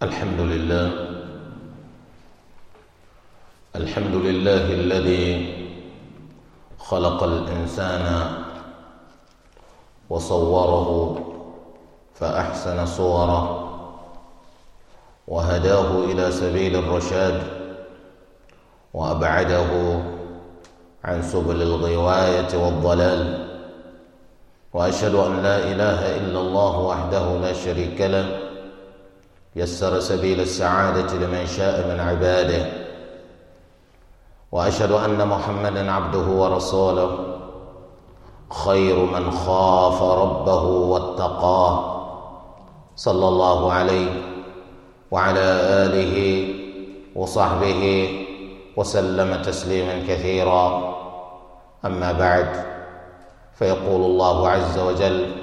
الحمد لله الحمد لله الذي خلق الإنسان وصوره فأحسن صوره وهداه إلى سبيل الرشاد وأبعده عن سبل الغواية والضلال وأشهد أن لا إله إلا الله وحده لا شريك له يسر سبيل السعادة لمن شاء من عباده وأشهد أن محمدا عبده ورسوله خير من خاف ربه واتقاه صلى الله عليه وعلى آله وصحبه وسلم تسليما كثيرا أما بعد فيقول الله عز وجل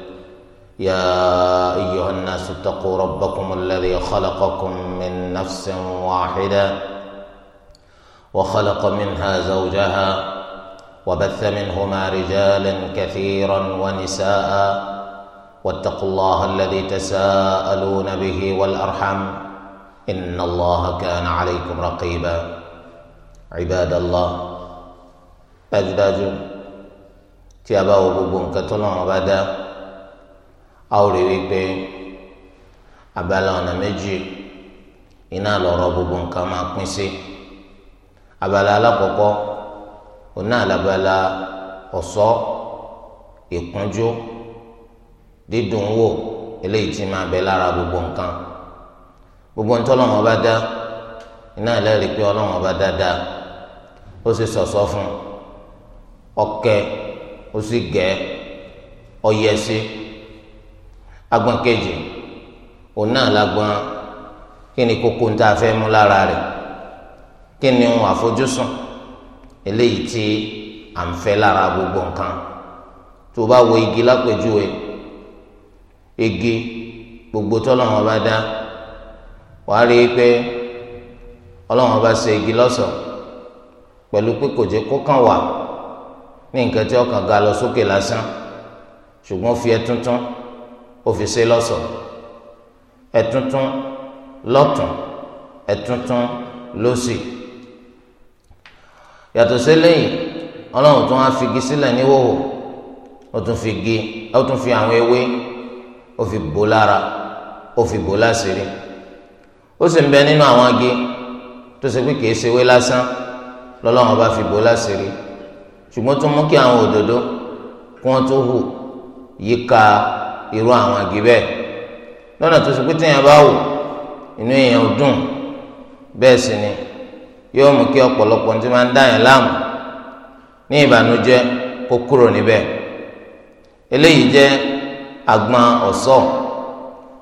يا ايها الناس اتقوا ربكم الذي خلقكم من نفس واحده وخلق منها زوجها وبث منهما رجالا كثيرا ونساء واتقوا الله الذي تساءلون به والارحم ان الله كان عليكم رقيبا عباد الله أجداج تيابا a bá wo awore wikpe abala ɔna meji ina lɔrɔ bubu nka ma pin si abala alakɔkɔ ona alabala ɔsɔ ikunju didun wo eleyi ti ma bɛ lara bubu nka bubu nta ɔlɔwɔn ba da ina lɛri pe ɔlɔwɔn ba da da o si sɔsɔ fun ɔkɛ o si gɛ ɔyɛ si. agbọn kejì òun náà lágbọn kí ni kókó ń tá a fẹ́ mú lára rẹ̀ kí ni ohun àfojúsùn eléyìí tí à ń fẹ́ lára gbogbo nǹkan tó bá wo igi lápèjúwe igi gbogbo tọ́lọ̀ wọn bá dá wàá rí i pé ọlọ́wọ́n bá ṣe igi lọ́sọ̀ọ́ pẹ̀lú pé kò jẹ́ kó kàn wà ní nǹkan tí ọkàn ga lọ sókè lásán ṣùgbọ́n fi ẹ tuntun òfìsè lọ́sọ̀ ẹ̀tuntun lọ́tún ẹ̀tuntun lọ́sì yàtọ̀ sẹ́lẹ̀yìn ọlọ́run tún á figi sílẹ̀ níwòwò ó tún fi gi ó tún fi àwọn ewé ó fi bò lára ó fi bò láṣìírí ó sì ń bẹ nínú àwọn agi tó ṣe pé kìí ṣe ewé lásán lọ́lọ́run bá fi bò láṣìírí ṣùgbọ́n tún mú kí àwọn òdòdó kí wọ́n tó hù yíká irú àwọn agi bẹ́ẹ̀ lọ́nà tó ṣe pé téèyàn bá wò inú èèyàn ò dùn bẹ́ẹ̀ sì ni yóò mú kí ọ̀pọ̀lọpọ̀ ní ti máa ń dá láàmú ní ìbànújẹ́ kó kúrò níbẹ̀ eléyìí jẹ́ agbọn ọ̀sọ́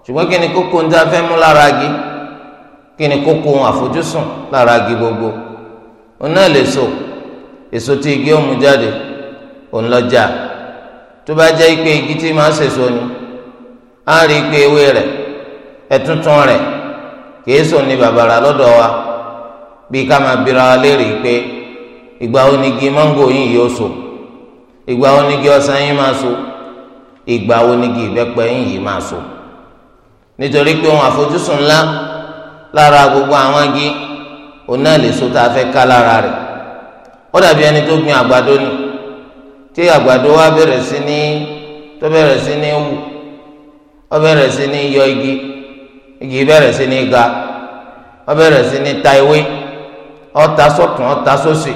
ṣùgbọ́n kí ni kókó ń dáfẹ́ mú lára agi kí ni kókó àfojúsùn lára agi gbogbo òun náà lè so èso tí igi ó mú jáde òun lọ́jà. Ja tó bá jẹ́ ipe igi tí máa ń sèso ni á rí ipe ewé rẹ̀ ẹ̀túntún rẹ̀ kìí sùn ní bàbàrà lọ́dọ̀ wa bí ká máa bira wa léèrè pé ìgbà wo ni igi máńgò yìí yóò so ìgbà wo ni igi ọsàn yìí máa so ìgbà wo ni yìí máa so nítorí pé òun àfojúsùn ńlá lára gbogbo àwọn igi òun náà lè so tá a fẹ́ ká lára rẹ̀ ó dàbí ẹni tó gbin àgbàdo ni. tí àgbàdo wa bẹ̀rẹ̀ sí ní tó bẹ̀rẹ̀ sí ní wù ó bẹ̀rẹ̀ sí ní yọ igi igi bẹ̀rẹ̀ sí ní ga ó bẹ̀rẹ̀ sí ní ta ewé ó ta sọ́tún ó ta sósì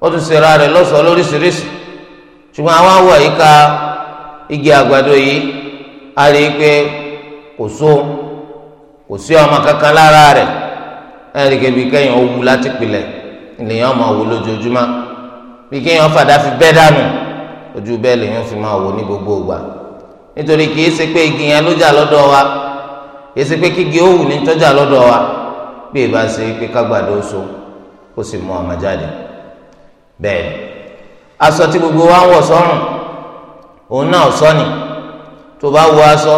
ó tún igi àgbàdo yìí a kò so kò sí ọmọ kankan lára rẹ̀ ẹ̀ẹ́dẹ̀gẹ̀ kẹ́yìn láti pilẹ̀ ènìyàn máa bí kéèyàn fàdá fi bẹ́ dànù ojú bẹ́ẹ̀ lèèyàn fi máa wò ní gbogbo ìgbà nítorí kìí ṣe pé igi yẹn ló jà lọ́dọ̀ wa kìí ṣe pé kígi ó wù ní tọ́jà lọ́dọ̀ wa bí ìbá ṣe pé kágbàdo so kó sì mú ọmọ jáde bẹ́ẹ̀ aṣọ tí gbogbo wa ń wọ̀ sọ́rùn òun náà sọ ni tó bá wọ aṣọ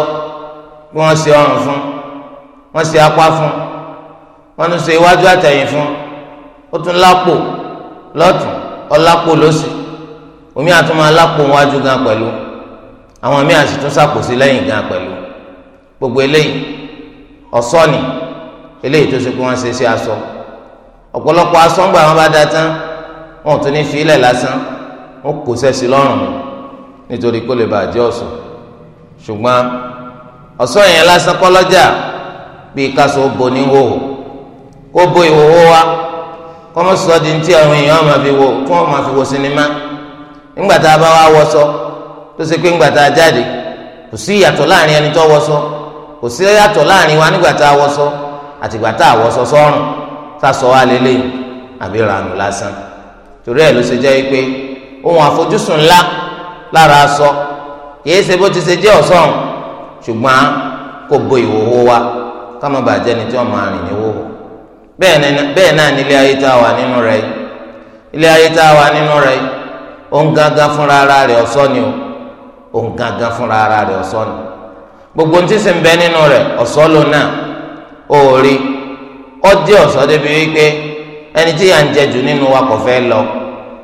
bí wọ́n ṣe ọrùn fún wọ́n ṣe apá fún wọ́n tún ṣe iwájú àtẹ̀yìn fún ó tún lápò lọ́tùn ọlápò lọ́sì omi àtúmọ̀ alápò wájú gan pẹ̀lú àwọn míì àṣìtún sàpòsí lẹ́yìn gan pẹ̀lú gbogbo eléyìí ọ̀ṣọ́ ni eléyìí tó ṣe pé wọ́n ṣe sí aṣọ ọ̀pọ̀lọpọ̀ aṣọ ńgbà wọn bá da tán wọn ò tún ní fi ilẹ̀ lásán wọn kò sẹ́sì lọ́rùn nítorí kó lè bàjẹ́ ọ̀ṣọ́ ṣùgbọ́n ọ̀ṣọ́ yẹn lásán kọ́ lọ́jà bíi káṣọ bo ní hòhò kó bo ìhòhò wa. kọ́mọ sọ di ti àwọn èèyàn máa fi wo kí ma fi wo sinima ńgbà tá a bá wá wọṣọ tó ṣe pé ńgbà jáde kò sí ìyàtọ̀ láàrin ẹni tó wọṣọ kò sí wa a wọṣọ àtìgbà tá a sọ wá lélẹ́yìn àbí ranù lásán torí ẹ̀ ló ṣe jẹ́ pé ohun àfojúsùn ńlá lára aṣọ kìí ṣe bó ti bẹ́ẹ̀ náà ilé ayé tá a wà nínú rẹ̀ ilé ayé tá a fúnra ara rẹ̀ ọ̀sọ́ ni o gbogbo ntí sì ń bẹ nínú rẹ̀ ọ̀sọ́ ló náà òòrí ọdí ọ̀sọ́ débi wípé ẹni tí yà ń jù nínú wa kò lọ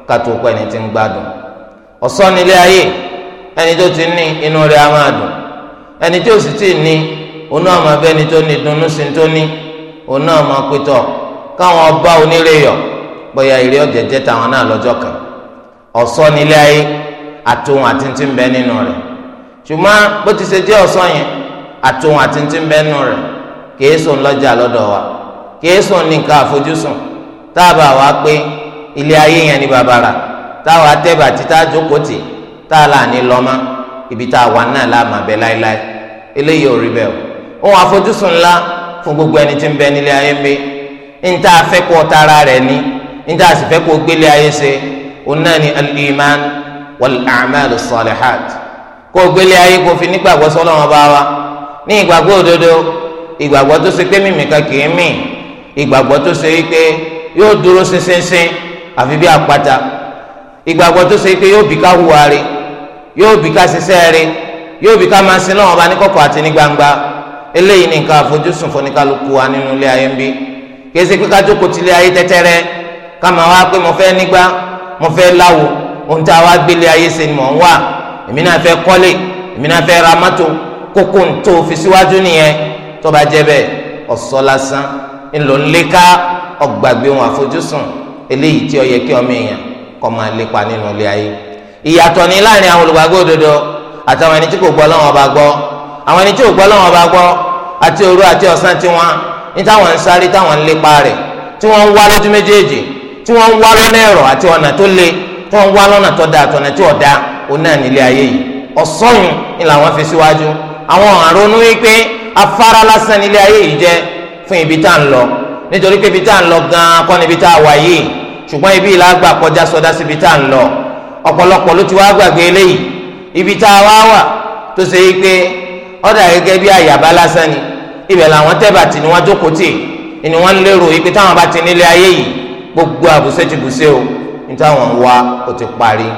kàtó pẹ́ ni ti ń gbádùn ọ̀sọ́ ayé ẹni tó ti ní inú rẹ̀ á ẹni tí ò sì ní onú àmọ́ abẹ́ni tó sí tó ona náà máa káwọn ọba onírè yọ bóyá ìrè ọ̀jẹ̀jẹ̀ táwọn náà lọ́jọ́ kan Ọsọ nílé ayé àtòhun àti bẹ nínú bó ti ṣe jẹ́ yẹn àtòhun àti bẹ nínú rẹ̀ kìí sùn wa kìí sùn ní nǹkan àfojúsùn táàbà pé ilé ayé yẹn ni babara, táwa tẹ́bà títà jókòó tì táàlà ní ibi tá a wà náà láàmà bẹ láéláé eléyìí ò rí o ohun àfojúsùn ńlá fún gbogbo ẹni tí ń bẹ nílé ayé mi níta fẹ́ tara rẹ̀ ni níta sì fẹ́ kó gbélé ayé ṣe òun náà ni al-iman amal as-salihat kó gbélé ayé kó fi nígbàgbọ́ sọ́lọ́wọ́n bá wa ní ìgbàgbọ́ òdodo ìgbàgbọ́ tó ṣe pé mímìkan kì í mì ìgbàgbọ́ tó ṣe pé yóò dúró ṣinṣinṣin àfi bí àpáta ìgbàgbọ́ tó ṣe pé yóò bí ká hùwà rẹ̀ yóò bí ká ṣiṣẹ́ rẹ̀ yóò bí ká máa sin náà wọn bá ní kọ̀kọ̀ àti ní gbangba eléyìí ni nǹkan àfojúsùn fúnikálukú wa nínú ilé ayé ń bí kéésì pé kájókòó ti ilé ayé tẹ́tẹ́rẹ́ ká máa wá pé mo fẹ́ nígbà mo fẹ́ láwo ohun tá a wá gbélé ayé ṣe ni mò ń wà èmi náà fẹ́ kọ́lé èmi náà fẹ́ ra mọ́tò kókó ń tó fi síwájú nìyẹn tó bá jẹ́ bẹ́ẹ̀ ọ̀sọ́ lásán ńlò ńléka ọ̀gbàgbé ohun àfojúsùn eléyìí tí ó yẹ kí ọmọ èèyàn kọ́ máa lépa nínú ilé ayé ìyàtọ̀ ni láàrin àwọn olùgbàgbọ́ òdodo àtàwọn ẹni tí kò gbọ́ lọ́wọ́ ọba gbọ́ àwọn ẹni tí kò gbọ́ lọ́wọ́ ọba gbọ́ àti òru àti ọ̀sán ti ní táwọn ń sáré táwọn ń lépa rẹ̀ tí wọ́n ń wá lójú méjèèjì tí wọ́n ń wá lọ́nà ẹ̀rọ àti ọ̀nà tó le tí wọ́n ń wá lọ́nà tó da àtọ̀nà tí ọ̀dà òun náà nílé ayé yìí ọ̀sọ́yún ni làwọn fi síwájú àwọn àrònú wípé afárá lásán nílé ayé yìí jẹ́ ibi tá à ń lọ nítorí ibi tá à ń lọ gan níbi ibi ìlà àgbà kọjá ibi tá à ń lọ ọ̀pọ̀lọpọ̀ ló ti ibi tá a wá wà ọ̀dà gẹ́gẹ́ bí àyàbá lásán ni ibẹ̀ làwọn tẹ́bàtì ni wọ́n jókòó tì ni wọ́n lérò ipe táwọn bá ti nílé ayé yìí gbogbo àbùsẹ́tìbùsẹ́ o ní táwọn wá o ti parí.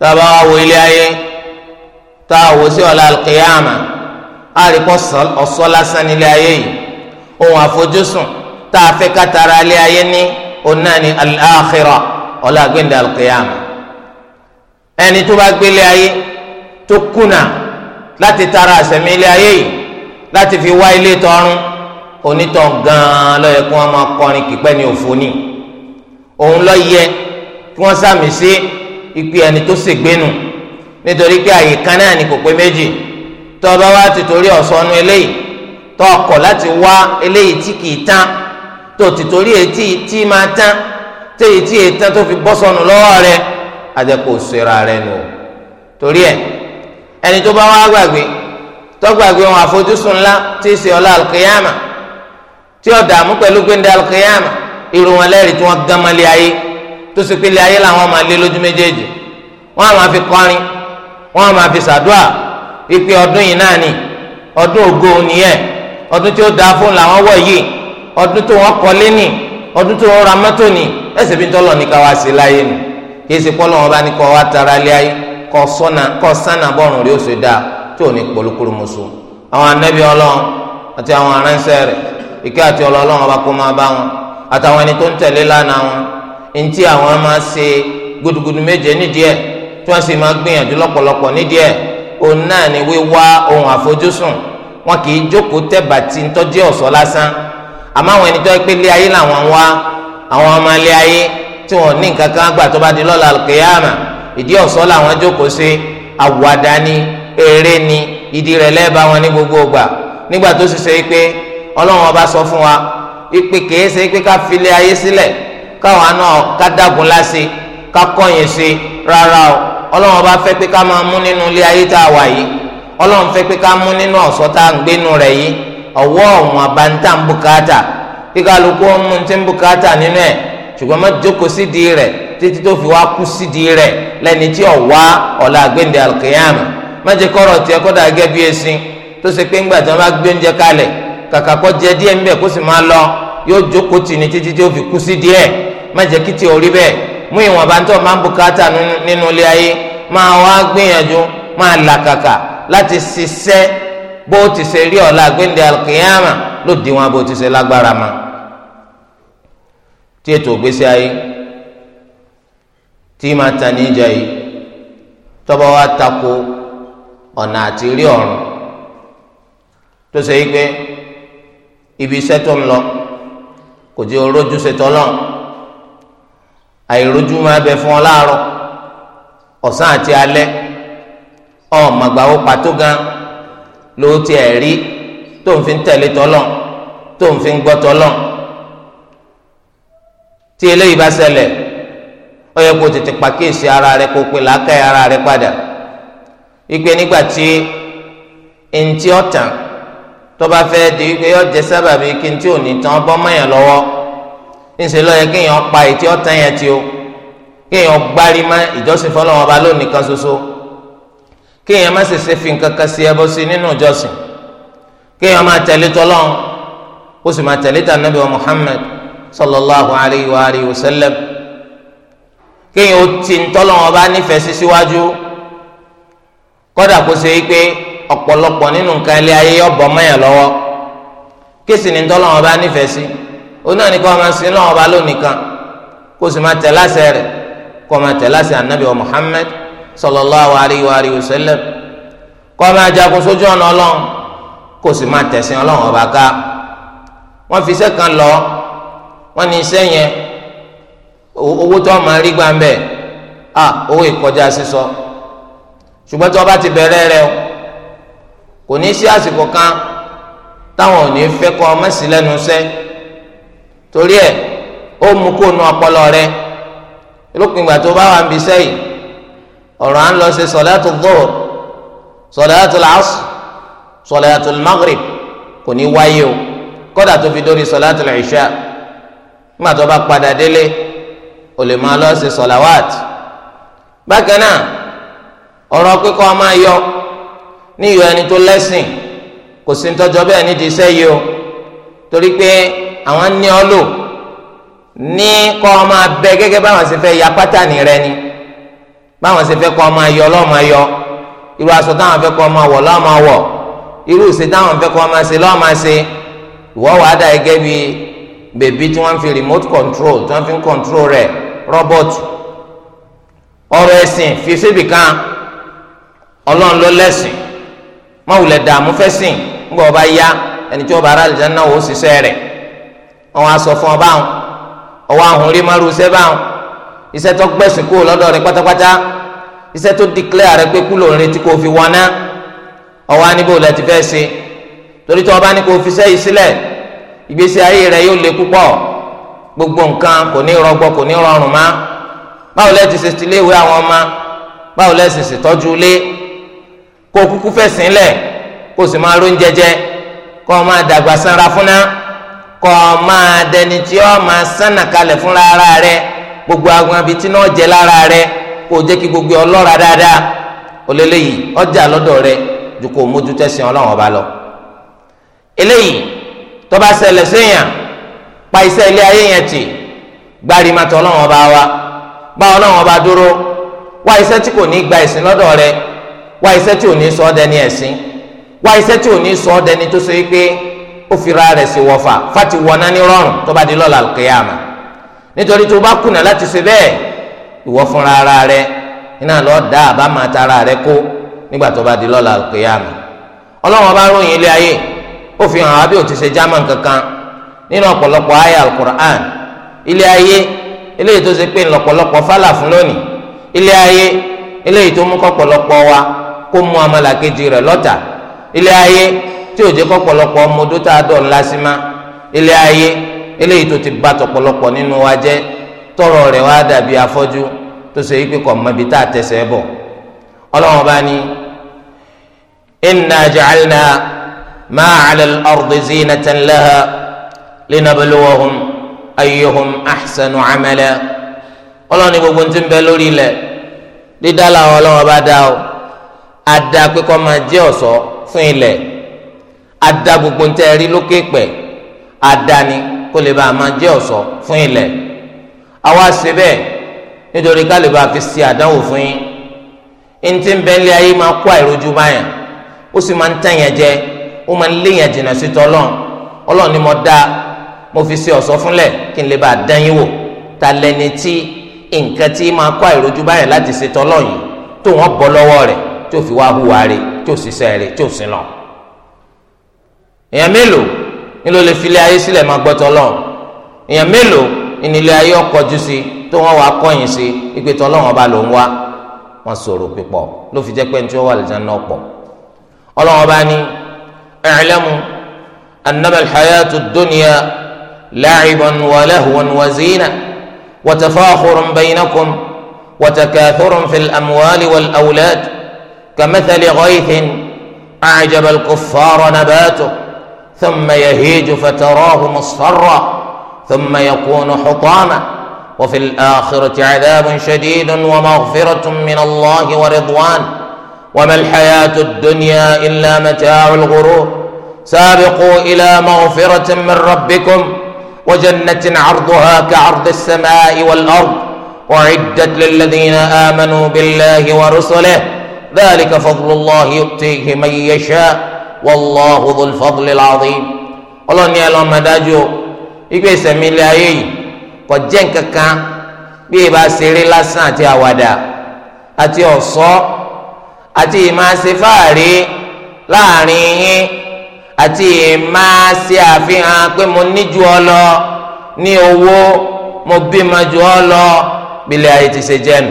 tábà wá wo ilé ayé tá a wò sí ọ̀la alqiyama a rí kọ́ ọ̀sọ́ lásán nílé ayé yìí ohun àfojúsùn tá a fẹ́ kátara ilé ayé ní ọ̀nà ni ọ̀la gbẹ̀ndẹ̀ alqiyama ẹni tó bá gbélé ayé tó kùnà láti tara àsẹ̀mí ilé ayé yìí láti fi wá ilé tọ̀run onítàn gan-an ló yẹ kí wọ́n máa kọrin kípẹ́ ní òfò ni òun ló yẹ kí wọ́n sàmì sí ìpè ẹni tó ṣègbénu nítorí pé àyè kan náà ni kò pé méjì tó o bá ti torí ọ̀sọ́nu eléyìí tó o láti wá eléyìí tí kìí tán tó ti torí etí tí máa tán téyìí tí èyí tán tó fi bọ́ sọnù lọ́wọ́ rẹ àjẹkù òṣèrà rẹ nù torí ẹ̀ ẹni tó bá wá gbàgbé tó gbàgbé wọn àfojúsùn ńlá tí ì ṣe ọlá alkiyama tí ó dààmú pẹ̀lú alkiyama irun wọn lẹ́rìí tí wọ́n gán mọ́lẹ̀ ayé tó sì pélé ayé làwọn máa lé lójú méjèèjì wọ́n á máa fi kọrin wọ́n á máa fi ṣàdúà wípé ọdún yìí náà ni ọdún ògo nìyẹn ọdún tí ó dáa fún làwọn wọ̀ yìí ọdún tó wọ́n kọ́lé nì ọdún tó wọ́n ra mọ́tò nì ẹsẹ̀ bí tọ́lọ̀ ní ká sí láyé nù kí èsì pọ́lọ́ wọn bá ní kọ́ wá tara lé ayé kọ sánà bọ́ọ̀rùn rí ó ṣe dáa tí ò ní polúkúrú musu àwọn anabi ọlọ́run àti àwọn aránṣẹ́ rẹ̀ ìkẹ́ àti ọlọ́run ọba kó máa bá wọn àtàwọn ẹni tó ń tẹ̀lé lánàá wọn ntí àwọn máa ṣe gudugudu méje nídìí ẹ̀ tí wọ́n sì máa gbìyànjú lọ́pọ̀lọpọ̀ nídìí ẹ̀ òun náà ni wíwá ohun àfojúsùn wọn kì í jókòó tẹ̀bàtì ntọ́jú ọ̀sọ́ lásán àmọ́ àwọn ẹni tó ẹ pé ilé ayé làwọn wá àwọn ọmọ ilé ayé tí wọ́n ní nǹkan kan gbà tó bá di lọ́la kìyàmà ìdí ọ̀sọ́ làwọn jókòó sí àwàdà ni eré ni ìdí rẹ̀ lẹ́ẹ̀bá wọn ní gbogbo ọgbà nígbà tó se ṣe é pé ọlọ́run ọba sọ fún wa ìpè kìí ṣe pé ká filé ayé sílẹ̀ káwọn náà ká dàgùn láṣẹ ká kọ̀yìn sí rárá o ọlọ́run ọba fẹ́ pé ká máa mú nínú ilé ayé tá a wà yìí ọlọ́run fẹ́ pé ká mú nínú tá a ń gbénu rẹ̀ yìí ọwọ́ ọ̀hún àbáńtà ń bùkátà kíkálukú ti ń bùkátà nínú ṣùgbọ́n má jókòó sídìí rẹ̀ títí tó fi wá kú sídìí rẹ̀ lẹ́ni tí ọ̀wá ọ̀la àgbéǹde alkiyama má jẹ́ kọ́rọ̀ tiẹ̀ kọ́dà gẹ́ bí esin tó ṣe pé ńgbà tí wọ́n bá gbé oúnjẹ kalẹ̀ kàkà kó jẹ díẹ̀ ńbẹ̀ kó sì máa lọ yóò jókòó tì ní títí tó fi kú sídìí rẹ̀ má jẹ́ kí tiẹ̀ orí bẹ́ẹ̀ mú ìwọ̀n bá máa ń bùkátà nínú ilé ayé máa wá gbìyànjú máa làkàkà láti ṣiṣẹ́ bó ti ṣe rí ọ̀la àgbéǹde alkiyama ló di wọn bó ti ṣe lágbára máa tí ètò ògbésí ayé tí máa ta ní ìjà yìí tọ́ba wa tako ọ̀nà àti rí ọ̀run tó ṣe yí pé ibi iṣẹ́ tó ń lọ kò jẹ́ orójú ṣetán náà àìrójú máa bẹ fún ọ láàárọ̀ ọ̀sán àti alẹ́ ọ̀mọ̀gbàwó pàtó gan ló ti ẹ̀ rí tó ń fi ń tẹ̀lé tọ́lọ̀ tó ń fi gbọ́ tọ́lọ̀ tí eléyìí bá ṣẹlẹ̀ ó yẹ kó tètè pàkíyèsí ara rẹ kó pe làákàyè ara rẹ padà ìpè nígbà tí ntí ọ̀tàn tó bá fẹ́ di wípé yọ jẹ sábàbí kí ntí òní tán bọ́ mọ́yàn lọ́wọ́ ńṣe ló yẹ kéèyàn pa ètí ọ̀tàn yẹn tí o kéèyàn gbárí má ìjọsìn fọlọ́wọn ọba lónìí kan ṣoṣo kéèyàn má ṣèṣe fi nǹkan kan sí ẹbọ sí nínú ìjọsìn kéèyàn má tẹ̀lé tọ́lọ́run ó sì má tẹ̀lé tànàbí wa Muhammad sallallahu alayhi wa alihi wa sallam kéèyàn ó ti ntọ́lọ́wọ́n bá nífẹ̀ẹ́ sí síwájú kódà kó ṣe pé ọ̀pọ̀lọpọ̀ nínú nǹkan ilé ayé ọ̀bọ̀ mọ́yàn lọ́wọ́ kí sì ni ntọ́lọ́wọ́n bá nífẹ̀ẹ́ sí oní àná kó máa sin lọ́wọ́n bá lónìkan kó sì máa tẹ̀ láṣẹ rẹ̀ kó máa tẹ̀ láṣẹ anabi wa sallallahu alayhi wa alihi wa sallam kó máa jagun sójú ọ̀nà ọlọ́run kó sì máa tẹ̀sìn ọlọ́run ọba ká wọ́n fi iṣẹ́ kan lọ́ọ́ wọ́n ní iṣẹ́ yẹn owó tó máa rí gbà ń bẹ̀ à owó ìkọjá sísọ ṣùgbọ́n tí wọ́n bá ti bẹ̀rẹ̀ rẹ o kò ní sí àsìkò kan táwọn ò ní fẹ́ kọ́ mẹ́sì lẹ́nu iṣẹ́ torí ẹ̀ ó mú kó nu ọpọlọ rẹ lópin ìgbà tó bá wà ń bi sẹ́yìn ọ̀rọ̀ à ń lọ sí sọ̀láàtù dhuhr sọ̀láàtù làásù sọ̀láàtù maghrib kò ní wáyé o kódà tó fi dórí sọ̀láàtù ìṣá nígbà tó bá padà délé o lè máa lọ sí sọ̀làwàt bákan náà ọ̀rọ̀ kíkọ́ máa yọ ní ìyọ ẹni tó lẹ́sìn kò sí tọ́jọ́ bẹ́ẹ̀ nídìí iṣẹ́ yìí o torí pé àwọn ní ọ lò ní kọ́ máa bẹ gẹ́gẹ́ báwọn ṣe fẹ́ ya pátánì rẹ ni báwọn ṣe fẹ́ kọ́ máa yọ lọ́ọ́ máa yọ irú aṣọ táwọn fẹ́ kọ́ máa wọ̀ lọ́ọ́ wọ̀ irú ìṣe táwọn fẹ́ kọ́ máa ṣe lọ́ọ́ ṣe ìwọ́ wàá dà bíi bèbí tí wọ́n fi remote control tí wọ́n fi control rẹ̀ robot ọ̀rọ̀ ẹ̀sìn fi síbi kan ọlọ́run ló lẹ́sìn mọ̀wùlẹ̀ dààmú fẹ́ sìn ńgbà ọba yá ẹni tí ọba aráàlú náà ó ṣiṣẹ́ rẹ̀ ọ̀hún aṣọ fún ọba àwọn ọ̀hún ahùn rí márùn iṣẹ́ bá àwọn iṣẹ́ tó gbẹ̀sìn kúrò lọ́dọ̀ rẹ̀ pátápátá iṣẹ́ tó declare rẹ̀ pé kú ló ń retí kó fi wọná ọwọ́ aníbò lẹ́ ti fẹ́ ṣe torí tí ọba ní kó fi sẹ́yìn sílẹ̀ ìgbésí ayé rẹ yóò le púpọ̀ gbogbo nǹkan kò ní rọgbọ kò ní rọrùn má báwo lẹ ti ṣètì léwé àwọn ọmọ báwo lẹ sì ṣètọ́jú lé kó kúkú fẹ́ sílẹ̀ kó sì máa ró ń jẹjẹ kó o máa dàgbà sanra fúnná kó o máa dẹni tí o máa sànà kalẹ̀ fúnra ara rẹ gbogbo àwọn abí náà jẹ lára rẹ kó o jẹ́ kí gbogbo ọlọ́ra dáadáa òlélẹ́yìí ọjà lọ́dọ̀ rẹ ju kó o mójú ọlọ́run ọba lọ eléyìí Tọba bá pa iṣẹ́ ilé ayé yẹn ti gbari ma tọ ọlọ́wọ́n ọba wa dúró wá tí kò ní gba ẹ̀sìn lọ́dọ̀ rẹ wá ise tí ò ní sọ ẹ̀sìn wá iṣẹ́ tí ò ní sọ tó ṣe é pé ó ra rẹ̀ sí wọfà fati wọná ní rọrùn di kéyàmà nítorí tó bá kùnà láti ṣe ìwọ lọ dá àbámatara rẹ kó nígbà tó bá di kéyàmà ròyìn ilé ayé ó fi hàn wá bí ó ti ṣe german kankan nínú ọ̀pọ̀lọpọ̀ àyà alukur'an ilé ayé eléyìí tó ṣe pé ńlọpọlọpọ fálà fún lónìí ilé ayé eléyìí tó mú kọpọlọpọ wa kó mú amalakeji rẹ̀ lọ́tà ilé ayé tí ò jẹ́ kọpọlọpọ ọmọdé tá a dọ̀ ńlá sí ma ilé ayé eléyìí tó ti bá tọpọlọpọ nínú wa jẹ́ tọrọ rẹ̀ wá dàbí afọ́jú tó ṣe yí pé kò mọ tá a tẹsẹ̀ bọ̀ ọlọ́run bá ní inna ja'alna. ما على الأرض زينة لها لنبلوهم أيهم أحسن عملا Ọlọ́run ní gbogbo ntí ń bẹ lórí ilẹ̀ dídá làwọn Ọlọ́run bá dá o àdá pípọ máa jẹ ọ̀ṣọ́ fún ilẹ̀ àdá gbogbo ntẹ rí lókè pẹ àdá ni kó lè bá máa jẹ ọ̀ṣọ́ fún ilẹ̀ àwa ṣe bẹ́ẹ̀ nítorí ká lè bá fi ṣe àdánwò fún yín ntí ń bẹ nílé ayé máa kó àìrójú báyà ó sì máa ń tẹ̀yàn jẹ́ ó máa ń léyìn àjìnà sí tọ́lọ́n ọlọ́run ni mo dá mo fi ṣe ọ̀ṣọ́ fúnlẹ̀ kí n lè bá a dán yín wò ta lẹni tí nǹkan tí máa kó àìrojú báyìí láti ṣe tọ́lọ́n yìí tó wọ́n bọ́ lọ́wọ́ rẹ̀ tó fi wá hùwà rẹ̀ tó ṣiṣẹ́ rẹ̀ tó sin lọ. èèyàn mélòó ni ló lè fi ilé ayé sílẹ̀ máa gbọ́ tọ́lọ́n èèyàn mélòó ni ilé ayé ọkọ̀jú sí tó wọ́n wá kọ́yìn sí ìpè tọ́lọ́n ọba ló ń wá wọn sọ̀rọ̀ pípọ̀ ló fi jẹ́ pé ní tí wọ́n wà lè jẹun náà pọ̀ ọlọ́run ọba ní اعلموا انما الحياه الدنيا لعبا ولهوا وزينه وتفاخر بينكم وتكاثر في الاموال والاولاد كمثل غيث اعجب الكفار نباته ثم يهيج فتراه مصفرا ثم يكون حطاما وفي الاخره عذاب شديد ومغفره من الله ورضوان وما الحياة الدنيا إلا متاع الغرور سابقوا إلى مغفرة من ربكم وجنة عرضها كعرض السماء والأرض وعدت للذين آمنوا بالله ورسله ذلك فضل الله يؤتيه من يشاء والله ذو الفضل العظيم ọlọ́run ní ẹlọ́run máa dájú ikú قد ilé ayé yìí لسان jẹ́ nǹkan kan àti ìmáṣefáàrí láàrin yín àti ìmáṣe àfihàn pé mo níjú ọ lọ ní owó mo bímọ jù ọ lọ bílẹ̀ ayé ti ṣe jẹ́nu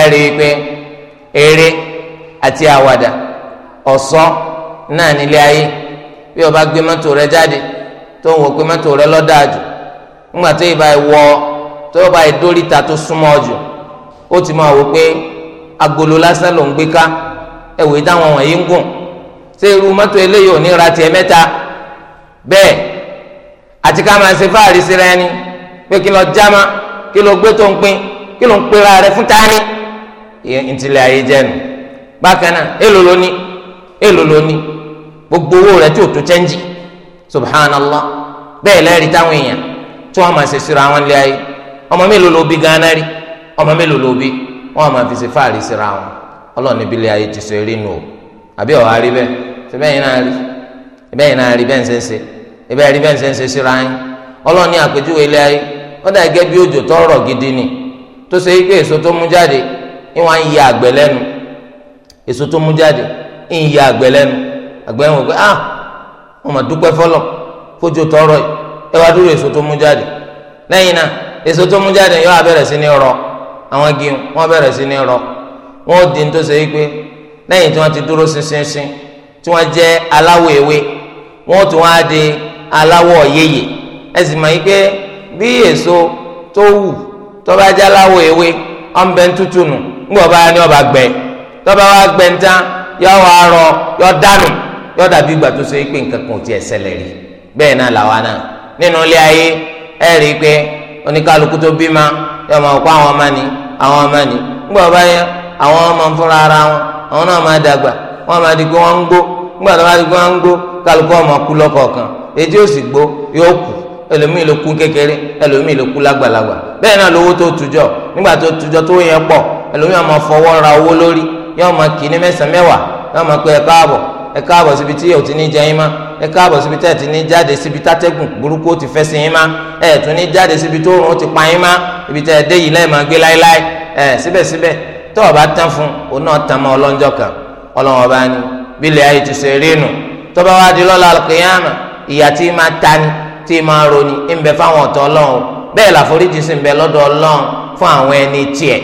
ẹ rí i pé eré àti àwàdà ọ̀sán náà nílé ayé bí o bá gbé mọ́tò rẹ jáde tó ń wò pé mọ́tò rẹ lọ́dàájú ńgbà tó ìbá ìwọ tó ìbá ìdóríta tó súnmọ́ jù ó ti máa wò pé agolo lásán ló ń gbé ká ẹ̀wò ìdáwọn wọ̀nyí ń gùn ṣé irú mọ́tò eléyìí ò ní ra tiẹ̀ mẹ́ta bẹ́ẹ̀ àti ká máa ṣe fáàrí síra ẹni pé kí lọ jáma kí lọ gbé tó ń pin kí ló ń pera rẹ fún tání ìtìlẹ̀ ayé jẹ́ bákan náà èlò ló ní èlò ló ní gbogbo owó rẹ tí ò tó chẹ́ńjì subhanallah bẹ́ẹ̀ lẹ́rìí táwọn èèyàn tí wọ́n máa ṣe síra wọn lé ayé ọmọ mélòó ló bí gánà rí ọmọ mélòó ló bí wọn máa fi ṣe fáàrí síra wọn ọlọ́run níbi ilé ayé ti sọ eré nù o àbí ọ̀hà rí bẹ́ẹ̀ ṣe bẹ́ẹ̀ yín náà rí ibẹ̀ yín náà rí bẹ́ẹ̀ ń ṣe ń ṣe ibẹ̀ rí bẹ́ẹ̀ ń ṣe ń ṣe síra yín ọlọ́run àpèjúwe ilé ayé ó dà gẹ́gẹ́ bí òjò tó rọ̀ gidi ni tó ṣe pé èso tó mú jáde ìwọ̀n ń ya àgbẹ̀ lẹ́nu èso tó mú jáde ń ya àgbẹ̀ lẹ́nu àgbẹ̀ wọn pé ah wọn mà dúpẹ́ fọlọ̀ fójò tọrọ yìí ẹ wá dúró èso tó mú jáde lẹ́yìn náà èso tó mú jáde yóò abẹ́rẹ́ sí ní rọ̀ àwọn igi wọn bẹ̀rẹ̀ sí ní rọ wọn ò di ní tó ṣe yí pé lẹ́yìn tí wọ́n ti dúró ṣinṣinṣin tí wọ́n jẹ́ aláwọ̀ ewé wọn ò tún wá di aláwọ̀ yéyè ẹ sì mọ̀ yí pé bí èso tó wù tó bá jẹ́ aláwọ̀ ewé ọ̀nbẹ tútù nù ńgbọ̀ bá ní ọba gbẹ tó bá wá gbẹ ń tán yọ wá rọ yọ dànù yọ dàbí ìgbà tó ṣe yí pé nǹkan kan ò tiẹ̀ ṣẹlẹ̀ rí bẹ́ẹ̀ náà làwa náà nínú ilé ayé ẹ̀ rí i pé oníkálukú tó bímọ yóò máa kó àwọn ọmọ ni àwọn ọmọ ni ńgbà ọba yẹn àwọn ọmọ fúnra ara wọn àwọn náà máa dàgbà wọn máa di pé wọn ń gbó ńgbà tó bá di pé wọn ń gbó kálukú ọmọ kú lọ́kọ̀ọ̀kan ètí yóò sì gbó yóò kú ẹlòmíì ló kú kékeré bẹ́ẹ̀ náà lówó tó tujọ́ nígbà tó tujọ́ tó pọ̀ ẹlòmíì ọmọ fọwọ́ ra owó lórí ẹ káàbọ̀ síbi tí ò ti ní jẹyìn má ẹ káàbọ̀ síbi tí ẹ ti ní jáde síbi tátẹ́gùn burúkú ó ti fẹ́ sí yín má ẹ tún ní jáde síbi tó rùn ó ti pa yín má ibi tẹ́ ẹ dé yìí lẹ́ẹ̀ máa gbé láéláé ẹ síbẹ̀síbẹ̀ tó o bá tán fún o náà tán mọ́ ọlọ́njọ́ kan ọlọ́wọ́n bá ní bílẹ̀ ayé ti ṣe rí nù tó bá wá di lọ́la alùkìyàmà ìyà tí máa ta ni tí máa roni ń bẹ fáwọn ọ̀tọ̀ ọlọ́run bẹ́ẹ̀ làforíjì sì ń bẹ lọ́dọ̀ ọlọ́run fún àwọn ẹni tiẹ̀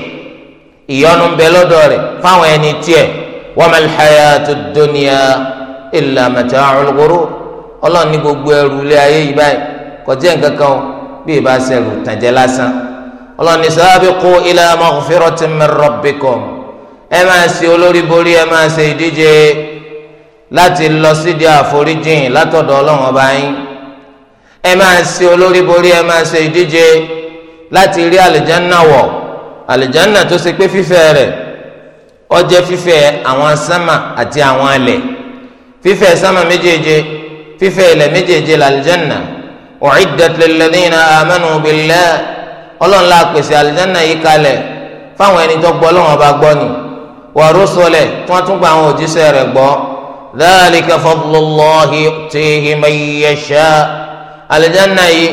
ìyọ́nú ń bẹ lọ́dọ̀ rẹ̀ fáwọn ẹni tiẹ̀ wamal hayatud dunya illa mata'ul ghurur ọlọ́run ní gbogbo ẹrù ilé ayé yìí báyìí kọjá nǹkan kan bí ìbá sẹ́rù tàjẹ́ lásán ọlọ́run ní sabiqu ila maghfiratin min rabbikum ẹ máa ṣe olórí borí ẹ máa ṣe ìdíje láti lọ sídìí àforíjìn látọ̀dọ̀ ọlọ́run ọba yín ẹ máa ṣe olórí borí ẹ máa ṣe ìdíje láti rí àlìjánná wọ̀ àlìjánná tó ṣe pé fífẹ́ rẹ̀ ó jẹ́ fífẹ̀ àwọn sánmà àti àwọn alẹ̀ fífẹ̀ sánmà méjèèje fífẹ̀ ilẹ̀ méjèèje làlìjánà u'iddat lilladhina amanu billah ọlọ́run la pèsè àlìjánà yìí kalẹ̀ fáwọn ẹni tó gbọ́ ọlọ́run ọba gbọ́ ni wa rusulihi tí wọ́n tún gba àwọn òjíṣẹ́ rẹ̀ gbọ́ dhalika fadlullahi yu'tihi man yasha àlìjánà yìí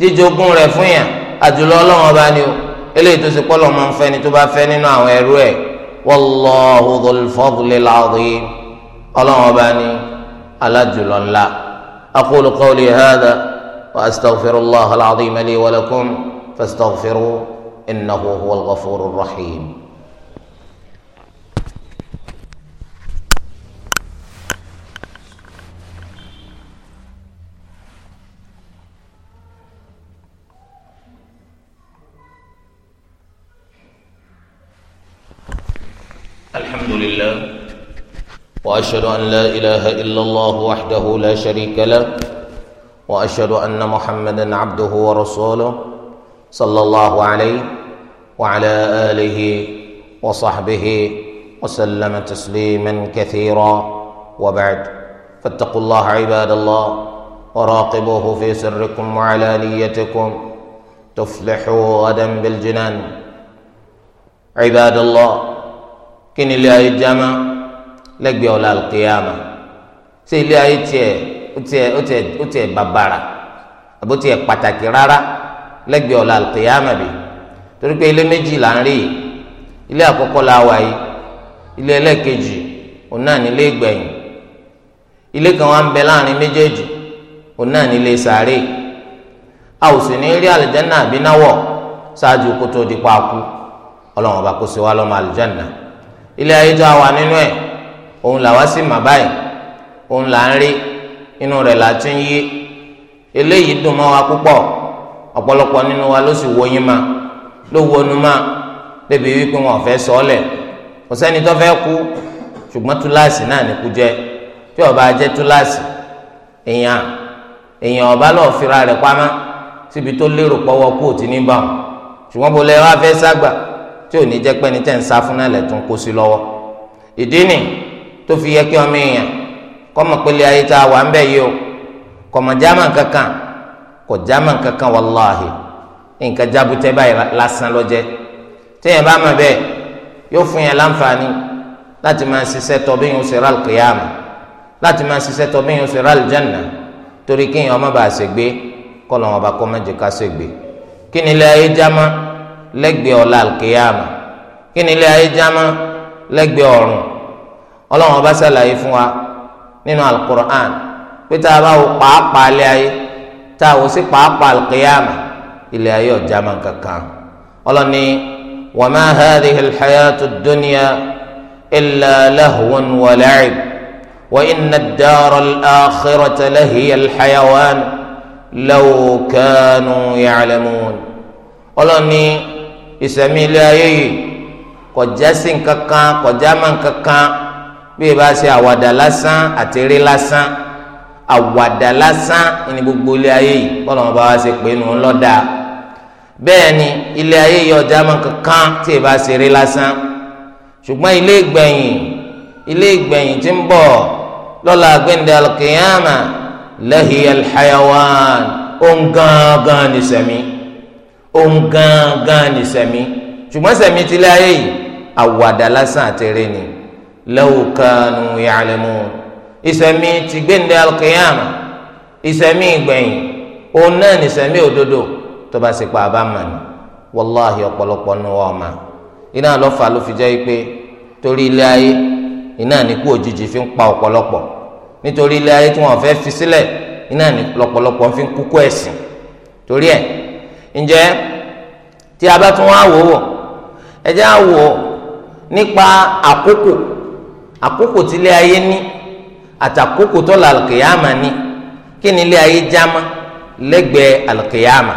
jíjogún rẹ̀ fún yàn àjùlọ ọlọ́run ọba ni o eléyìí tó ti pọ́ lọ́mọ ń ni tó bá fẹ́ nínú àwọn ẹrú ẹ̀ والله ذو الفضل العظيم اللهم باني على جل لا اقول قولي هذا واستغفر الله العظيم لي ولكم فاستغفروه انه هو الغفور الرحيم واشهد ان لا اله الا الله وحده لا شريك له واشهد ان محمدا عبده ورسوله صلى الله عليه وعلى اله وصحبه وسلم تسليما كثيرا وبعد فاتقوا الله عباد الله وراقبوه في سركم وعلانيتكم تفلحوا غدا بالجنان عباد الله كن الله الجمال Legbi ọ̀la àlùkìyàmà ṣé ilé ayé tiẹ̀ ó tiẹ̀ ó tiẹ̀ ó tiẹ̀ bàbàrà àbó bi torí pé ilé méjì là ń rí ilé àkọ́kọ́ la wà yìí ilé ẹlẹ́ẹ̀kejì òun náà ní ilé ilé kan wà ń bẹ láàrin méjèèjì òun náà sàárè a ò sì ní rí ṣáájú di paaku ọlọ́run ọba kó ṣe wá lọ́mọ ilé a wà nínú òun làwa sì mà báyìí òun là ń rí inú rẹ̀ là ti ń yí eléyìí dùn mọ́ wa púpọ̀ ọ̀pọ̀lọpọ̀ nínú wa ló sì wo yín ma ló wo nu ma débi wípé wọn fẹ́ sọ ọ́ lẹ̀ kò sẹ́ni tó fẹ́ kú ṣùgbọ́n túláàsì ọba lọ́ọ́ fira rẹ̀ pamọ́ síbi tó lérò pọ́wọ́ kú òtí ní ṣùgbọ́n bó lẹ́wọ́ afẹ́ tí ò ní jẹ́ pẹ́ni tẹ́ ń tó fi yẹ kí ọmọ èèyàn kọ́mọ pélé ayé tá a wà ń bẹ̀ yìí o kọ̀mọ jámà kankan kọ̀ jámà kankan wàláhì nǹkan jábútẹ́ báyìí lásán lọ́jẹ́ téèyàn bá mọ̀ bẹ́ẹ̀ yóò fún yẹn láǹfààní láti máa ṣiṣẹ́ tọ́ bí yóò ṣe rà kìyàmù láti máa ṣiṣẹ́ tọ́ bí yóò ṣe rà lìjánà torí kí yẹn ọmọ bá ṣègbè kọ́lọ̀ wọn bá kọ́ mẹ́jẹ ká ṣègbè kí ni ilé ayé jámà lẹ́gbẹ̀ẹ́ ọ̀la kìyàmù kí ni ilé ayé jámà lẹ́gbẹ̀ẹ́ ọ̀run ọlọ́run ọba ṣàlàyé fún wa nínú alukur'an pé tá a bá wo pàápàá ilé ayé tá a wò sí pàápàá alukiyama ilé ayé ọjà máa kankan ọlọ́ni wa ma hadhihi alhayatu dunya illa lahwun wa la'ib wa inna ad-dara al-akhirata lahiya alhayawan law kanu ya'lamun ọlọ́ni ayé yìí kọjá sí nǹkankan kọjá máa nǹkankan bí ẹ bá ṣe àwàdà lásán àti eré lásán àwàdà lásán ní gbogbo ilé ayé yìí bọ́lá wọn bá wá ṣe pé nù ń lọ́dà bẹ́ẹ̀ ni ilé ayé yìí ọjà máa kankan tí ẹ bá ṣe eré lásán ṣùgbọ́n ilé ìgbẹ̀yìn ilé ìgbẹ̀yìn ti ń bọ̀ lọ́la gbẹ̀ndẹ̀ alkiyama lẹ́hìn alhayawan òun gángan ní sẹ́mi òun gángan ní sẹ́mi ṣùgbọ́n sẹ́mi ti ilé ayé yìí àwàdà lásán àti eré ni law kanu ya'lamun ìsẹ̀mí ti gbẹ̀ndẹ̀ alqiyama ìsẹ̀mí gbẹ̀yìn òun náà ní ìsẹ̀mí òdodo tó bá sì pa àbámà ni wàláhì ọ̀pọ̀lọpọ̀ nu wa ọ̀ma iná lọ́fà ló fi jẹ́ pé torí ilé ayé iná ní kú òjijì fi ń pa ọ̀pọ̀lọpọ̀ nítorí ilé ayé tí wọ́n fẹ́ fi sílẹ̀ iná ní lọ́pọ̀lọpọ̀ fi ń kúkú ẹ̀sìn torí ẹ̀ ǹjẹ́ tí a bá tún wá wò wò ẹ jẹ́ àwò nípa àkókò àkókò tí ilé ayé ní àtàkókò tó la alkiyama ní kí ni ilé ayé jáma lẹ́gbẹ̀ẹ́ alkiyama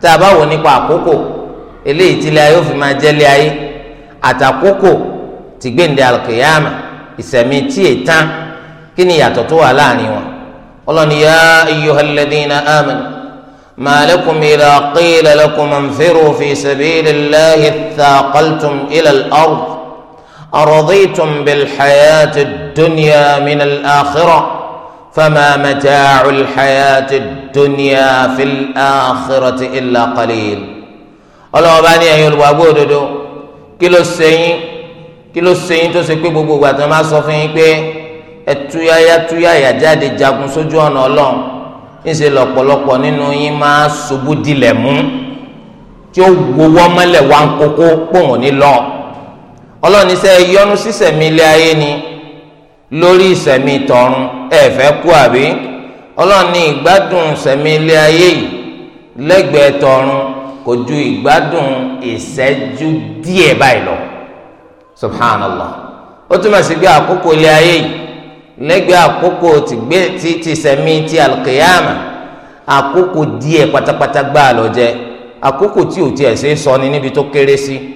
tá a bá wò nípa àkókò eléyìí tí ilé ayé ó máa jẹ́ ilé ayé àtàkókò tí gbẹ̀ǹde alkiyama ìsẹ̀mí tí è tán kí ni ìyàtọ̀ tó wà láàrin wọn ọlọ́ni yá ayyuhal ladhina amanu ma lakum idha lakum anfiru fi sabilillahi thaqaltum ila al أرضيتم بالحياة الدنيا من الآخرة فما متاع الحياة الدنيا في الآخرة إلا قليل ọlọ́wọ́ bá ní ẹ̀yin olùwàgbọ́ òdodo kí ló ṣe kí ló ṣe tó ṣe pé gbogbo ìgbà tó máa sọ fún yín pé ẹtúyáyá túyáyá jáde jagun sójú ọ̀nà ọlọ́run ńṣe lọ́pọ̀lọpọ̀ nínú yín máa ṣubú dilẹ̀ mú tí ó wọ́wọ́ mọ́lẹ̀ wá ń kókó pòun ní lọ́ọ̀ ọlọ́run ní sẹ́ yọnu sí sẹ̀mí ilé ayé ni lórí ìsẹ̀mí tọ̀run ẹ fẹ́ kú àbí ọlọ́run ní ìgbádùn sẹ̀mí ilé ayé yìí lẹ́gbẹ̀ẹ́ tọ̀run kò ju ìgbádùn ìṣẹ́jú díẹ̀ báyìí lọ subhanallah ó túmọ̀ sí pé àkókò ilé ayé yìí lẹ́gbẹ̀ẹ́ àkókò tìgbé ti ti sẹ̀mí ti alqiyama àkókò díẹ̀ pátápátá gbáà lọ jẹ́ àkókò tí ò tiẹ̀ ṣe é sọ ni níbi tó kéré sí. Si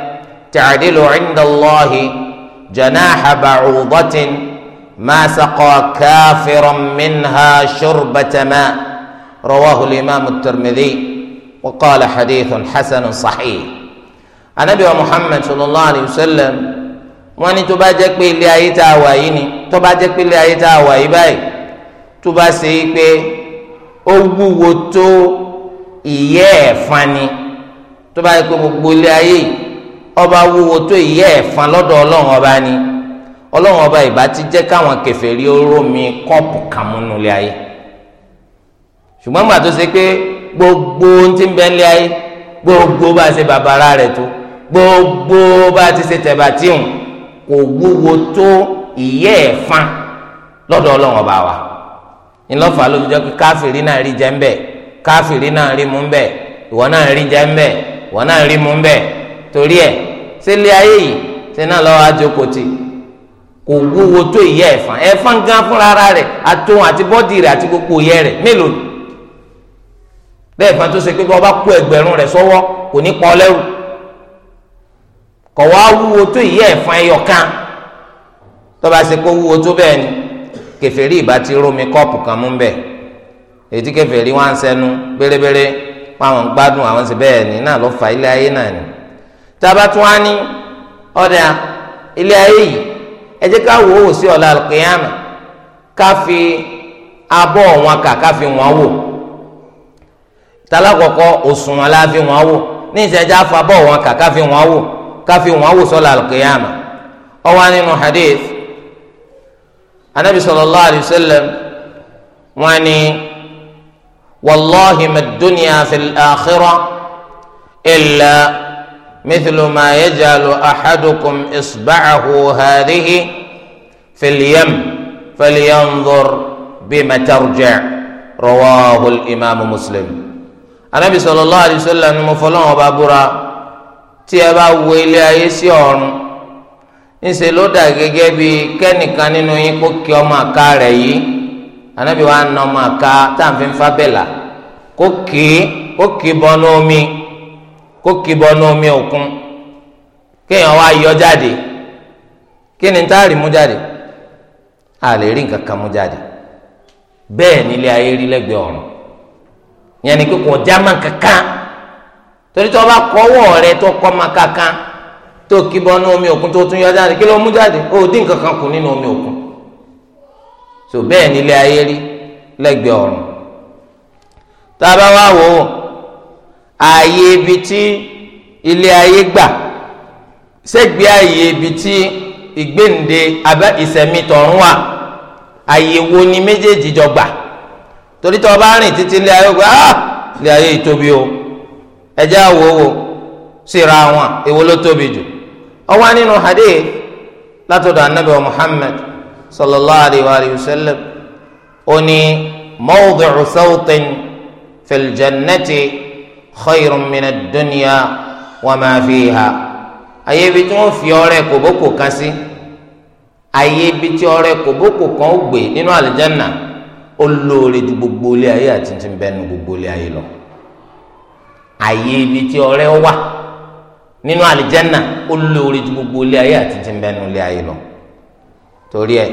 تعدل عند الله جناح بعوضة ما سقى كافرا منها شربة ماء رواه الإمام الترمذي وقال حديث حسن صحيح النبي محمد صلى الله عليه وسلم wọ́n ní tó bá jẹ́ pé ilé ayé tá a wà yìí ni tó bá jẹ́ pé ilé ayé tá a wà yìí báyìí tó bá ṣe é pé ó wúwo tó ìyẹ́ ẹ̀fọn ni tó bá jẹ́ pé gbogbo ilé ayé yìí ọba wúwo tó ìyẹ́ ẹ̀fọn lọ́dọ̀ ọlọ́run ọba ni ọlọ́run ọba ìbá ti jẹ́ káwọn kèfèrí rómi kọ́ọ̀pù kàmúnulẹ̀ ayé ṣùgbọ́n gbà tó ṣe pé gbogbo ohun tí ń bẹ nílé ayé gbogbo bá ṣe bàbára rẹ̀ tó gbogbo bá ti ṣe tẹ̀bà tíhùn kò wúwo tó ìyẹ́ ẹ̀fọn lọ́dọ̀ ọlọ́run ọba wa ńlọ́fà ló fi jẹ́ pé káfìrí náà rí jẹ́ ń bẹ̀ káfìrí náà rí mú ń bẹ̀ ìwọ náà rí jẹ́ ń bẹ̀ ìwọ náà rí mú ń bẹ̀ torí ẹ̀ sílé ayé yìí ṣe náà lọ́wọ́ àjòkòtì kò wúwo tó ìyá ẹ̀fọn ẹ̀fọn gan fúnra ara rẹ̀ àtòun àti bọ́dì rẹ̀ àti gbogbo ìyẹ́ rẹ̀ mélòó ni bẹ́ẹ̀ fún tó ṣe pé bọ́ọ̀ bá kó ẹgbẹ̀rún rẹ̀ sọ́wọ́ kò ní pọ́n lẹ́rù kọ̀ wá wúwo tó ìyá ẹ̀fọn ẹyọ kan tó bá ṣe kó wúwo tó bẹ́ẹ̀ ni kẹfẹ́rí ìbá ti rómi kọ́ọ̀pù kan mú bẹ́ẹ̀ ètí kẹfẹ́rí wọn ń sẹ́nu wọn gbádùn àwọn ń ṣe ni náà ló fa ilé ayé náà ni tabatwani ọ̀dà ilé ayé yìí ẹ jẹ́ ká wò ó sí ọ̀la alqiyama ká fi abọ́ wọn kà ká fi wọn wò talakọ̀kọ́ òṣùwọ̀n la fi wọn wò ní ìṣẹ̀já fa abọ́ wọn kà ká fi wọn wò ká fi wọn wò sọ̀la alqiyama ó nínú hadith anabi sallallahu alayhi wa sallam wọ́n ní wàlláhi ma dunya fi al مثل ما يجعل أحدكم إصبعه هذه في اليم فلينظر بما ترجع رواه الإمام مسلم النبي صلى الله عليه وسلم مفلون وبابورا tí ẹ bá wo ilé ayé sí ọ̀run ńṣe ló dà gẹ́gẹ́ bí kẹ́nìkan nínú yín kó kí ọmọ àká rẹ̀ yìí anábìwá na ọmọ àká táǹfin fábẹ́là kó kì í kó kì í bọ́nú omi kó kìbọnú omi òkun kéèyàn wá yọ jáde kí tá a rí mú jáde a lè rí nǹkan kan mú jáde bẹ́ẹ̀ nílé ayé rí lẹ́gbẹ̀ẹ́ ọ̀run yẹn ni kíkọ jámà kankan torí tí wọ́n bá kọ́wọ́ rẹ tó kọ́ ma kankan tó kìbọnú omi òkun tó tún yọ jáde kí ló mú jáde ó dín nǹkan kan kù nínú omi òkun so bẹ́ẹ̀ nílé ayé rí lẹ́gbẹ̀ẹ́ ọ̀run tá a bá wá wò ó ààyè ibi tí ilé ayé gbà sẹ́gbẹ́ ààyè ibi tí ìgbéǹde abẹ́ ìsẹ̀mí tọ̀run wà ààyè wo ni méjèèjì jọ gbà torí tó o bá rìn títí ilé ayé gbà á ah! ilé ayé yìí tóbi o ẹjẹ́ àwòwò síra wọn èwo ló tóbi jù ó nínú hadith látọ̀dọ̀ anabi muhammed sallallahu alayhi wa sallam ó ní mawdu'u sawtin fil jannati khayrun minad dunya wa ma fiha ayé ibi tí wọ́n fi ọrẹ́ kòbókò kan sí ayé ibi tí ọrẹ́ kòbókò kan ó gbé nínú àlìjánà ó lóore ju gbogbo ilé ayé àti ti ń bẹnu gbogbo ilé ayé lọ ayé ibi tí ọrẹ́ wà nínú àlìjánà ó lóore ju gbogbo ilé ayé àti ti ń ilé ayé lọ torí ẹ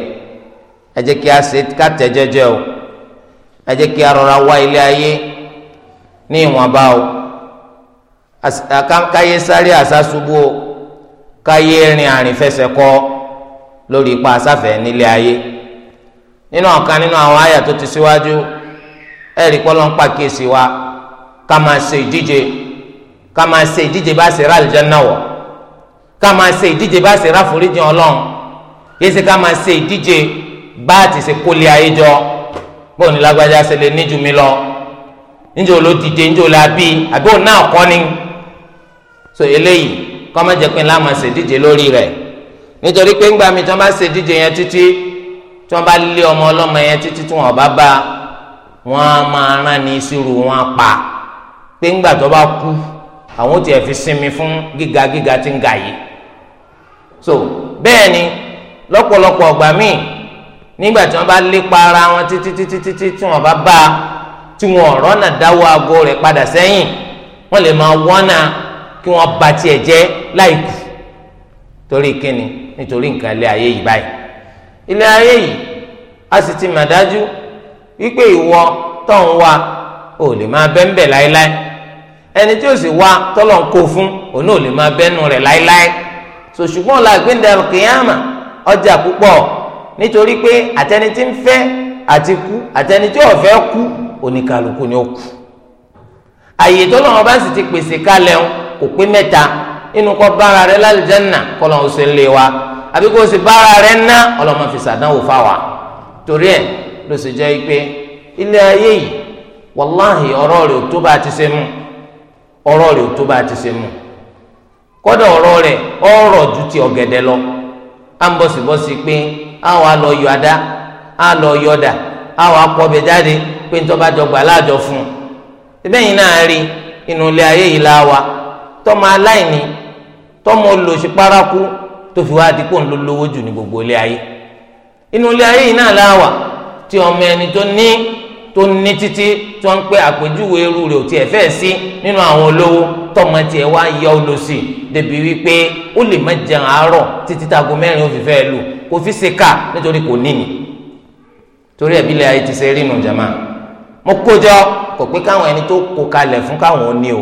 ẹ kí a ṣe ká o ẹ kí a rọra wá ilé ayé ní ìwọ̀nba o káyé sáré àsásubú o káyé rìn àrìnfẹsẹ̀ kọ́ lórí ipa asáfẹ́ nílé ayé nínú ọ̀kan nínú àwọn àyà tó ti síwájú ẹ̀rí kọ́ ló ń pàkíyèsí wa ká máa ṣe ìdíje ká máa ṣe ìdíje bá ṣe ráàlìjẹ́ náà wọ̀ ká máa ṣe ìdíje bá ṣe ráforíjì ọlọ́run yìí ṣe ká máa ṣe ìdíje bá ti ṣe kólé ayé jọ bóun ni lágbájá ṣe lè níjú mi lọ njẹ́ o ló dìde njẹ́ o la bí àbí ni so eléyìí kọ́ má lama pé ńlá máa ṣèdíje lórí rẹ̀ nítorí pé ńgbà mi tí wọ́n bá ṣèdíje yẹn títí tí wọ́n bá lé ọmọ ọlọ́mọ yẹn títí tí wọ́n bá bá wọn á máa rán ní ìṣirò wọn pa pé ńgbà tó bá kú àwọn ò tiẹ̀ fi sinmi fún gíga gíga tí ń ga yìí so bẹ́ẹ̀ ni lọ́pọ̀lọpọ̀ ọ̀gbà míì nígbà tí wọ́n bá lépa ara wọn títí títí títí tí wọ́n bá bá a tí wọn ọ̀rọ̀ náà dáwọ́ aago rẹ̀ padà sẹ́yìn wọ́n lè máa wọ́nà kí wọ́n ba tiẹ̀ jẹ́ láì kù torí kíni nítorí nǹkan ilé ayé a sì ti mà dájú wípé ìwọ tó ń wá ò lè máa bẹ́ńbẹ̀ láéláé ẹni tí ó sì wá tọ́lọ̀ ń kó fún òun náà ò lè máa bẹ́nu rẹ̀ láéláé so ṣùgbọ́n la gbẹ̀ndẹ̀ kìyàmà ọjà púpọ̀ nítorí pé àtẹni tí ń fẹ́ àti kú àtẹni tí ò fẹ́ kú oníkálukú ni ó kù àyè tó lọ́wọ́ bá sì ti pèsè kalẹ̀ ń kò pé mẹ́ta inú kọ́ bára rẹ lálùjánnà kọ́ lọ́wọ́ ṣe ń lé wa àbí o sì bára rẹ ná ọlọ́mọ fi sàdánwò fáwa torí ẹ̀ ló sì jẹ́ pé ilé ayé yìí wàláhì ọ̀rọ̀ rẹ̀ ò tó bá ti ṣe mú ọ̀rọ̀ rẹ̀ ò tó bá ti ṣe mú ọ̀rọ̀ rẹ̀ a pé ntọ́ba dọ́gba láàjọ fún un síbẹ̀yìn náà rí inú ilé ayé yìí la wa tọ́mọ aláìní tọ́mọ olóṣù paraku tó fi wá dípò ńlọ lówó jù ní gbogbo ilé ayé inú ilé ayé yìí náà la wa tí ọmọ ẹni tó ní tó ní títí tí wọ́n ń pè àpèjúwe irú rẹ̀ ò tiẹ̀ fẹ́ sí nínú àwọn olówó tọ́mọ tiẹ̀ wá yọ ọ lọ sí débi wípé ó lè má jẹun àárọ̀ títí tago mẹ́rin ó fi fẹ́ lù kò fi ṣe ká nítorí kò níní torí ẹbí lè ayé ti ṣe rí nu jama mo kójọ kò pé káwọn ẹni tó kó kalẹ̀ fún káwọn ò ní o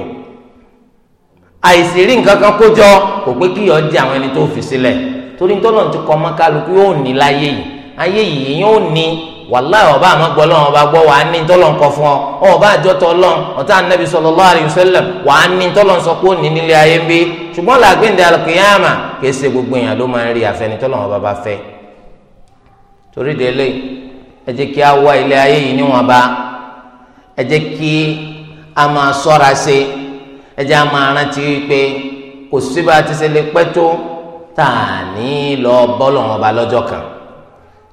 àìsí rí nǹkan kan kójọ kò pé kí yọ jẹ àwọn ẹni tó fi sílẹ̀ torí tọ́lọ̀ ti kọ́ ọmọ kálukú yóò ní láyé yìí ayé yìí yóò ní wàláhì ọba àmọ́ gbọ́ lọ́wọ́ ọba gbọ́ wàá ní tọ́lọ̀ nǹkan fún ọ ọba àjọtọ̀ ọlọ́run ọ̀tá anabi sallallahu alaihi wasallam wàá ní tọ́lọ̀ sọ pé ó ní nílé ayé ń bí ṣùgbọ́n làgbéǹde alùkìyàmà kìí ṣe gbogbo èèyàn ló máa ń rí àfẹni tọ́lọ̀ ọba bá fẹ́ torí délé ẹ jẹ́ kí a wá ilé ayé yìí níwọ̀nba ẹ jẹ́ kí a máa ṣọ́ra ṣe ẹ jẹ́ a máa rántí pé kò sí bá a ti ṣe lè pẹ́ tó tá a ní lọ bọ́lọ̀ wọn ba lọ́jọ́ kan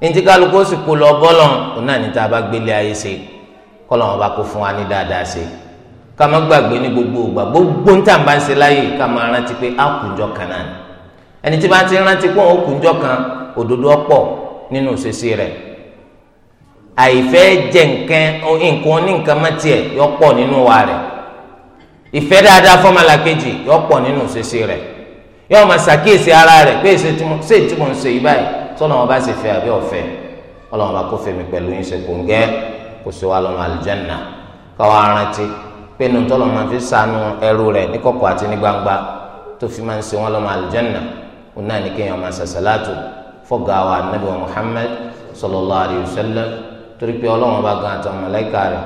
ntí kálukú sì kó lọ bọ́lọ̀ òun náà ní tá a bá gbélé ayé ṣe kọ́lọ̀ wọn bá kó fún wa ní dáadáa ṣe ká má gbàgbé ní gbogbo ògbà gbogbo níta bá ń ṣe láàyè ká máa rántí pé a kù jọ kan náà ẹni tí bá ti rántí pé òun kù jọ kan òdodo ọ̀pọ̀ nínú òṣèṣe rẹ̀ àìfẹ́ jẹ nǹkan nǹkan oníǹkan mọ́tìẹ̀ yọ pọ̀ nínú wa rẹ̀ ìfẹ́ dáadáa fọ́mọlàkejì yọ pọ̀ nínú ṣẹṣẹ rẹ̀ yọ máa ṣàkíyèsí ara rẹ̀ pé ṣé tí mo ń ṣe yìí báyìí tọ́nà wọn bá ṣe fẹ́ àbí ọ̀fẹ́ ọlọ́run bá kó fẹ́mi pẹ̀lú yín ṣe kò ń gẹ́ kò sí wa lọ́nà àlùjánnà káwa arántí pé nu tọ́lọ́ máa fi sànú ẹrú rẹ̀ ní kọ̀kọ̀ àti ní gbangba tó fi máa ń ṣe wọn lọ́nà àlùjánnà òun náà ní kéèyàn máa ṣàṣàlátù fọ́gà wa nabi wa Muhammad sallallahu alayhi wa torí pé ọlọ́run ọba gan àtàwọn mọ̀lẹ́kà rẹ̀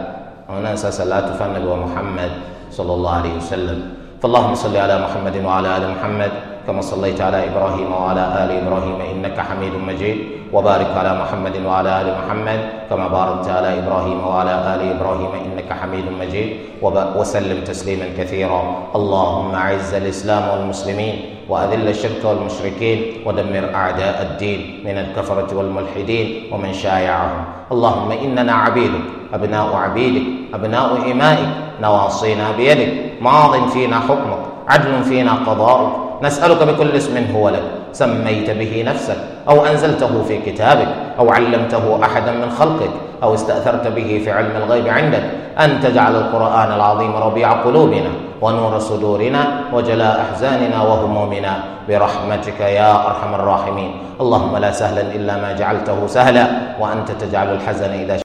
àwọn náà sàṣà láti fún anabi wa muhammed sallallahu alayhi wa sallam fọláhùn sọlẹ̀ ala muhammed wa ala ali muhammed. كما صليت على إبراهيم وعلى آل إبراهيم إنك حميد مجيد وبارك على محمد وعلى آل محمد كما باركت على إبراهيم وعلى آل إبراهيم إنك حميد مجيد وسلم تسليما كثيرا اللهم أعز الإسلام والمسلمين وأذل الشرك والمشركين ودمر أعداء الدين من الكفرة والملحدين ومن شايعهم اللهم إننا عبيدك أبناء عبيدك أبناء إمائك نواصينا بيدك ماض فينا حكمك عدل فينا قضاؤك نسألك بكل اسم هو لك سميت به نفسك أو أنزلته في كتابك أو علمته أحدا من خلقك أو استأثرت به في علم الغيب عندك أن تجعل القرآن العظيم ربيع قلوبنا ونور صدورنا وجلاء أحزاننا وهمومنا برحمتك يا أرحم الراحمين اللهم لا سهلا إلا ما جعلته سهلا وأنت تجعل الحزن إذا